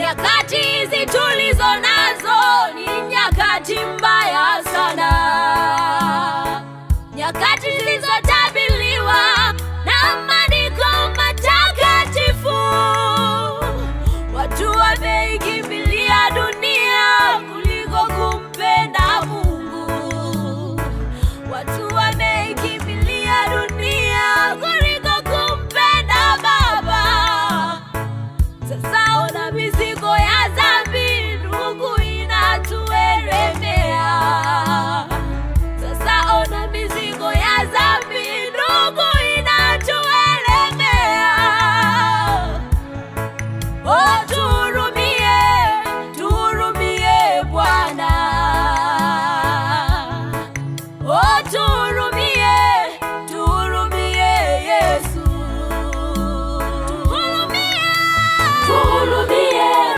Nyakati hizi tulizo nazo ni nyakati mbaya sana, nyakati zilizotabiliwa na maandiko matakatifu. Watu wameikimbilia dunia kuliko kumpenda Mungu. Watu wameikimbilia 我。